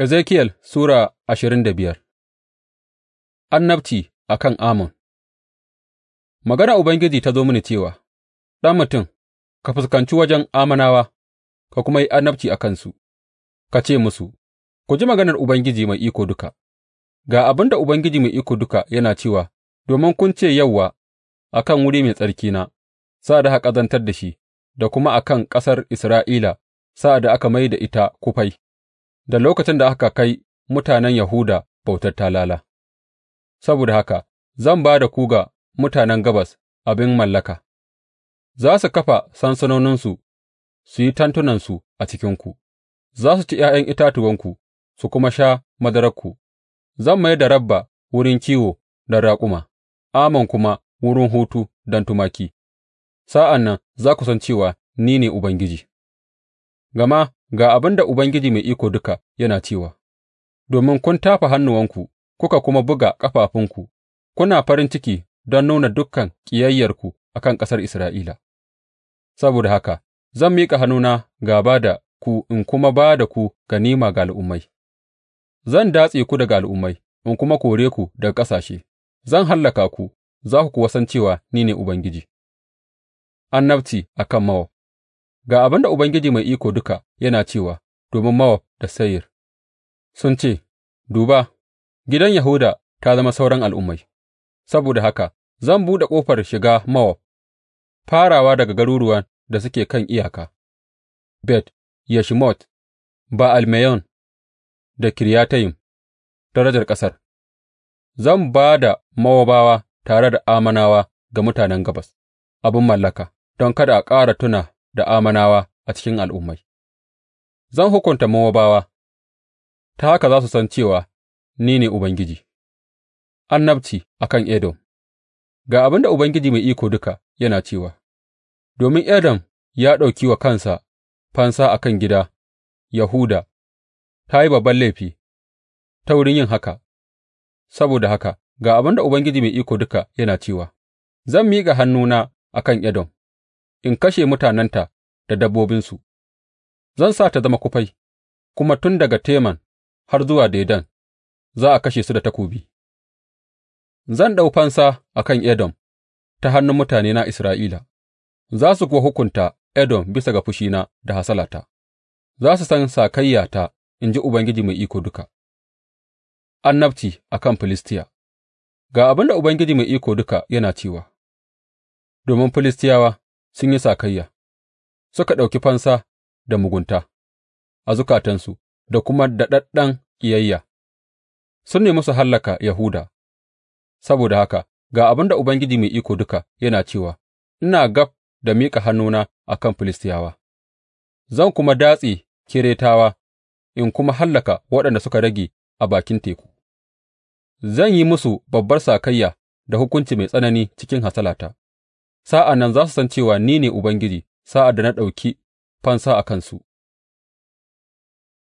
Ezekiyel Sura ashirin da biyar Annabci a kan Amon Magana Ubangiji ta zo mini cewa, Ɗan mutum, ka fuskanci wajen amanawa, ka kuma yi annabci a kansu, ka ce musu, Ku ji maganar Ubangiji Mai Iko Duka, ga abin da Ubangiji Mai Iko Duka yana cewa, Domin kun ce yauwa a kan wuri mai tsarkina, sa da haƙazantar ƙazantar da shi, da kuma a kan ƙasar Isra'ila sa'ad da aka mai da ita kufai. da lokacin da aka kai mutanen Yahuda bautar talala, saboda haka zan ba da ku ga mutanen Gabas abin mallaka, za su kafa sansanoninsu su yi tantunansu a cikinku, za su ci ’ya'yan itatuwanku su kuma sha madararku, zan mai da Rabba wurin kiwo don raƙuma, aman kuma wurin hutu don tumaki, sa'an nan za ku san cewa ni ne Ubangiji, gama Ga abin da Ubangiji Mai Iko Duka yana cewa, Domin kun tafa hannuwanku kuka kuma buga ƙafafunku, kuna farin ciki don nuna dukan ƙiyayyarku a kan ƙasar Isra'ila, saboda haka zan miƙa hannuna gāba da ku in kuma ba da ku ganima ga al'ummai; zan datse ku daga al'ummai in kuma kore ku daga ƙasashe, zan hallaka ku, za ku kuwa san cewa ni ne Ubangiji. Annabci a kan Mowab. Ga abin da Ubangiji Mai Iko Duka yana cewa domin Mowab da Seyir sun ce, Duba, gidan Yahuda ta zama sauran al'ummai; saboda haka zan buɗe ƙofar shiga Mowab, farawa daga garuruwan da suke kan iyaka, Bet Yeshimot, Ba'al Meyon da Kiryatayim, darajar ƙasar; zan ba da mawabawa tare da amanawa ga mutanen Gabas abin mallaka, don kada a ƙara tuna. da Ammonawa a cikin al'ummai, zan hukunta Mowabawa, ta haka za su san cewa ni ne Ubangiji, annabci a kan Edom Ga abin da Ubangiji Mai Iko Duka yana cewa, Domin Edom ya ɗauki wa kansa fansa a kan gida Yahuda, ta yi babban laifi ta wurin yin haka, saboda haka ga abin da Ubangiji Mai Iko Duka yana cewa, Zan miƙa hannuna a kan Edom. in kashe mutanenta da dabbobinsu, zan sa ta zama kufai, kuma tun daga Teman har zuwa Dedan za a kashe su da takobi. Zan ɗau fansa a kan Edom ta hannun mutanena Isra'ila, za su kuwa hukunta Edom bisa ga fushina da hasalata, za su san sakayyata, in ji Ubangiji Mai Iko Duka. Annabci a kan Filistiya Ga abin da Ubangiji Mai Iko Duka yana cewa, Domin Filistiyawa sun yi sakayya, suka ɗauki fansa da mugunta a zukatansu da kuma daɗaɗɗen ƙiyayya; sun nemi su hallaka Yahuda, saboda haka ga abin da Ubangiji Mai Iko Duka yana cewa ina gab da miƙa hannuna a kan Filistiyawa, zan kuma datse Keretawa in kuma hallaka waɗanda suka rage a bakin teku, zan yi musu babbar sakayya da hukunci mai tsanani cikin hasalata. Sa'an nan za su san cewa ni ne Ubangiji sa'ad da na ɗauki fansa a kansu.